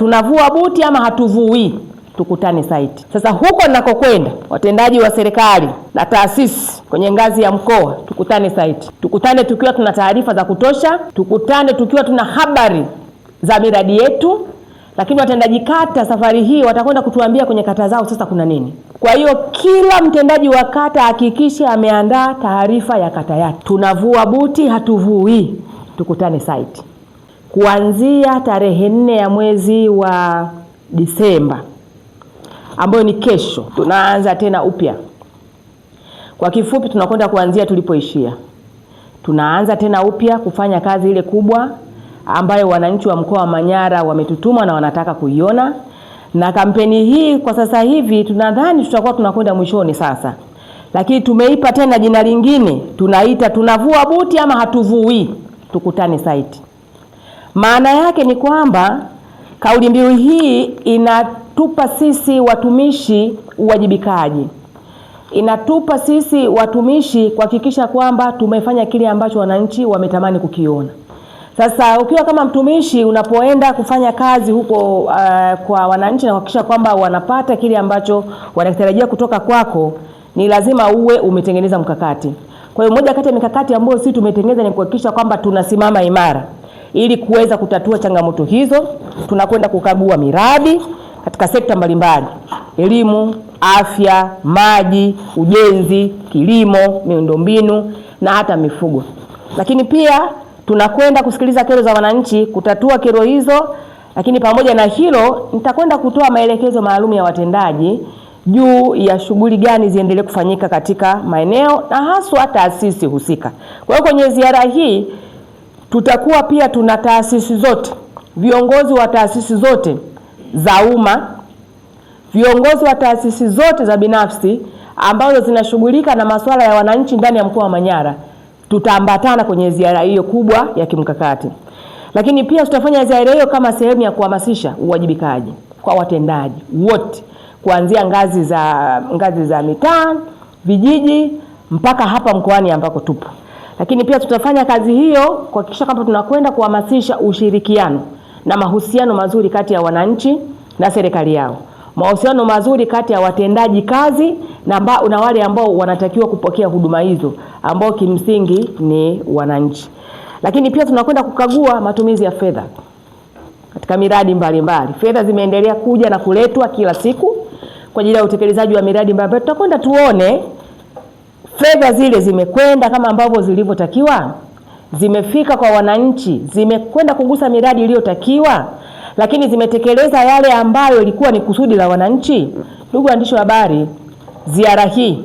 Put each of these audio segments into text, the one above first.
Tunavua buti ama hatuvui? Tukutane saiti. Sasa huko ninakokwenda, watendaji wa serikali na taasisi kwenye ngazi ya mkoa, tukutane saiti, tukutane tukiwa tuna taarifa za kutosha, tukutane tukiwa tuna habari za miradi yetu. Lakini watendaji kata safari hii watakwenda kutuambia kwenye kata zao sasa kuna nini. Kwa hiyo kila mtendaji wa kata hakikishe ameandaa taarifa ya kata yake. Tunavua buti hatuvui? Tukutane saiti kuanzia tarehe nne ya mwezi wa Disemba ambayo ni kesho, tunaanza tena upya. Kwa kifupi, tunakwenda kuanzia tulipoishia. Tunaanza tena upya kufanya kazi ile kubwa ambayo wananchi wa mkoa wa Manyara wametutuma na wanataka kuiona, na kampeni hii kwa sasa hivi tunadhani tutakuwa tunakwenda mwishoni sasa, lakini tumeipa tena jina lingine, tunaita tunavua buti ama hatuvui, tukutane site. Maana yake ni kwamba kauli mbiu hii inatupa sisi watumishi uwajibikaji, inatupa sisi watumishi kuhakikisha kwamba tumefanya kile ambacho wananchi wametamani kukiona. Sasa ukiwa kama mtumishi unapoenda kufanya kazi huko uh, kwa wananchi na kuhakikisha kwamba wanapata kile ambacho wanakitarajia kutoka kwako, ni lazima uwe umetengeneza mkakati. Kwa hiyo moja kati ya mikakati ambayo sisi tumetengeneza ni kuhakikisha kwamba tunasimama imara. Ili kuweza kutatua changamoto hizo, tunakwenda kukagua miradi katika sekta mbalimbali: elimu, afya, maji, ujenzi, kilimo, miundombinu na hata mifugo. Lakini pia tunakwenda kusikiliza kero za wananchi, kutatua kero hizo. Lakini pamoja na hilo, nitakwenda kutoa maelekezo maalum ya watendaji juu ya shughuli gani ziendelee kufanyika katika maeneo na haswa taasisi husika. Kwa hiyo kwenye ziara hii Tutakuwa pia tuna taasisi zote, viongozi wa taasisi zote za umma, viongozi wa taasisi zote za binafsi ambazo zinashughulika na masuala ya wananchi ndani ya mkoa wa Manyara, tutaambatana kwenye ziara hiyo kubwa ya kimkakati. Lakini pia tutafanya ziara hiyo kama sehemu ya kuhamasisha uwajibikaji kwa watendaji wote kuanzia ngazi za ngazi za mitaa, vijiji mpaka hapa mkoani ambako tupo. Lakini pia tutafanya kazi hiyo kuhakikisha kwamba tunakwenda kuhamasisha ushirikiano na mahusiano mazuri kati ya wananchi na serikali yao, mahusiano mazuri kati ya watendaji kazi na, na wale ambao wanatakiwa kupokea huduma hizo ambao kimsingi ni wananchi. Lakini pia tunakwenda kukagua matumizi ya fedha katika miradi mbalimbali. Fedha zimeendelea kuja na kuletwa kila siku kwa ajili ya utekelezaji wa miradi mbalimbali, tutakwenda tuone fedha zile zimekwenda kama ambavyo zilivyotakiwa? Zimefika kwa wananchi? Zimekwenda kugusa miradi iliyotakiwa? Lakini zimetekeleza yale ambayo ilikuwa ni kusudi la wananchi? Ndugu waandishi wa habari, ziara hii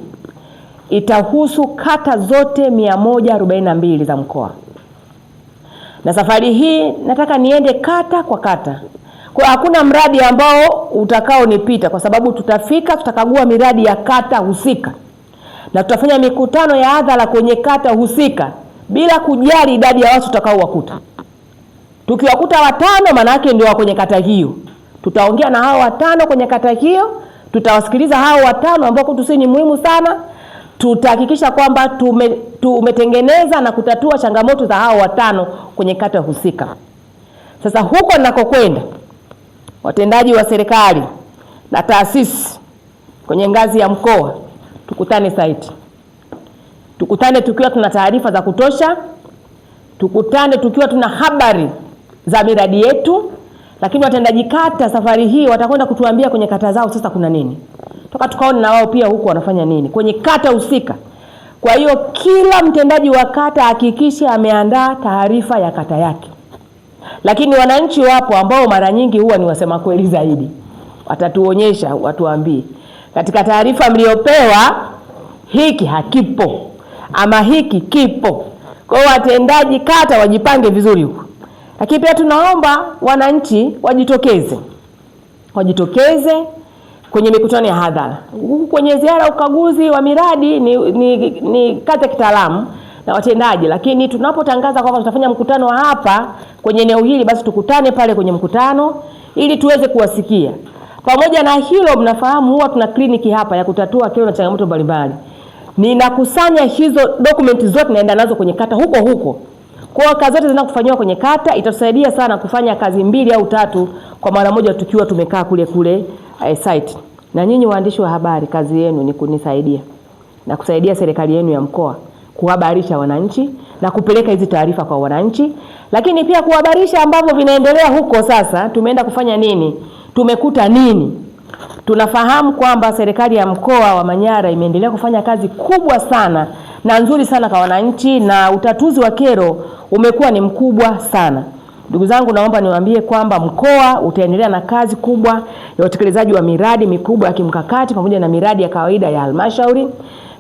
itahusu kata zote 142 za mkoa, na safari hii nataka niende kata kwa kata. Kwa hakuna mradi ambao utakaonipita, kwa sababu tutafika tutakagua miradi ya kata husika na tutafanya mikutano ya hadhara kwenye kata husika bila kujali idadi ya watu tutakaowakuta. Tukiwakuta watano, maana yake ndio wa kwenye kata hiyo. Tutaongea na hao watano kwenye kata hiyo, tutawasikiliza hao watano ambao kwetu sisi ni muhimu sana. Tutahakikisha kwamba tume, tumetengeneza na kutatua changamoto za hao watano kwenye kata husika. Sasa huko ninakokwenda, watendaji wa serikali na taasisi kwenye ngazi ya mkoa tukutane site, tukutane tukiwa tuna taarifa za kutosha, tukutane tukiwa tuna habari za miradi yetu. Lakini watendaji kata safari hii watakwenda kutuambia kwenye kata zao sasa kuna nini, toka tukaone na wao pia huko wanafanya nini kwenye kata husika. Kwa hiyo kila mtendaji wa kata hakikisha ameandaa taarifa ya kata yake, lakini wananchi wapo ambao mara nyingi huwa ni wasema kweli zaidi, watatuonyesha, watuambie. Katika taarifa mliopewa hiki hakipo ama hiki kipo. Kwa hiyo watendaji kata wajipange vizuri huko, lakini pia tunaomba wananchi wajitokeze, wajitokeze kwenye mikutano ya hadhara huku kwenye ziara ukaguzi wa miradi ni, ni, ni kata kitaalamu na watendaji, lakini tunapotangaza kwamba tutafanya mkutano hapa kwenye eneo hili, basi tukutane pale kwenye mkutano ili tuweze kuwasikia. Pamoja na hilo, mnafahamu huwa tuna kliniki hapa ya kutatua kero na changamoto mbalimbali. Ninakusanya hizo dokumenti zote, naenda nazo kwenye kata huko huko. Kwa kazi zote zinaenda kufanywa kwenye kata, itatusaidia sana kufanya kazi mbili au tatu kwa mara moja tukiwa tumekaa kule kule eh, site. Na nyinyi waandishi wa habari, kazi yenu ni kunisaidia na kusaidia serikali yenu ya mkoa kuhabarisha wananchi na kupeleka hizi taarifa kwa wananchi, lakini pia kuhabarisha ambavyo vinaendelea huko. Sasa tumeenda kufanya nini? tumekuta nini? Tunafahamu kwamba serikali ya mkoa wa Manyara imeendelea kufanya kazi kubwa sana na nzuri sana kwa wananchi na utatuzi wa kero umekuwa ni mkubwa sana. Ndugu zangu, naomba niwaambie kwamba mkoa utaendelea na kazi kubwa ya utekelezaji wa miradi mikubwa ya kimkakati pamoja na miradi ya kawaida ya halmashauri,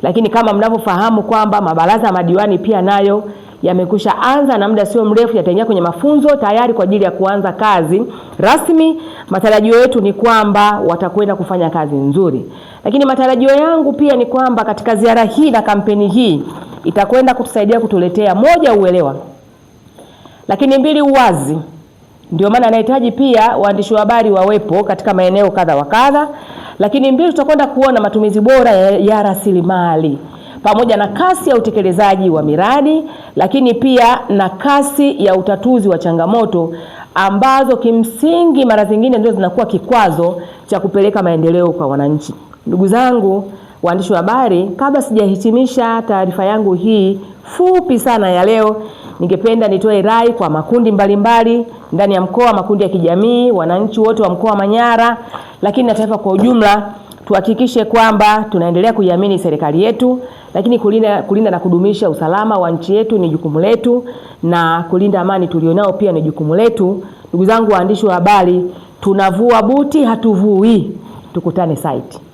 lakini kama mnavyofahamu kwamba mabaraza ya madiwani pia nayo yamekwisha anza na muda sio mrefu yataingia kwenye mafunzo tayari kwa ajili ya kuanza kazi rasmi. Matarajio yetu ni kwamba watakwenda kufanya kazi nzuri, lakini matarajio yangu pia ni kwamba katika ziara hii na kampeni hii itakwenda kutusaidia kutuletea moja, uelewa, lakini mbili, uwazi. Ndio maana anahitaji pia waandishi wa habari wawepo katika maeneo kadha wa kadha, lakini mbili, tutakwenda kuona matumizi bora ya rasilimali pamoja na kasi ya utekelezaji wa miradi, lakini pia na kasi ya utatuzi wa changamoto ambazo kimsingi mara zingine ndio zinakuwa kikwazo cha kupeleka maendeleo kwa wananchi. Ndugu zangu waandishi wa habari, kabla sijahitimisha taarifa yangu hii fupi sana ya leo, ningependa nitoe rai kwa makundi mbalimbali mbali, ndani ya mkoa, makundi ya kijamii, wananchi wote wa mkoa wa Manyara, lakini na taifa kwa ujumla tuhakikishe kwamba tunaendelea kuiamini serikali yetu, lakini kulinda, kulinda na kudumisha usalama wa nchi yetu ni jukumu letu, na kulinda amani tulionao pia ni jukumu letu. Ndugu zangu waandishi wa habari, tunavua buti hatuvui. Tukutane site.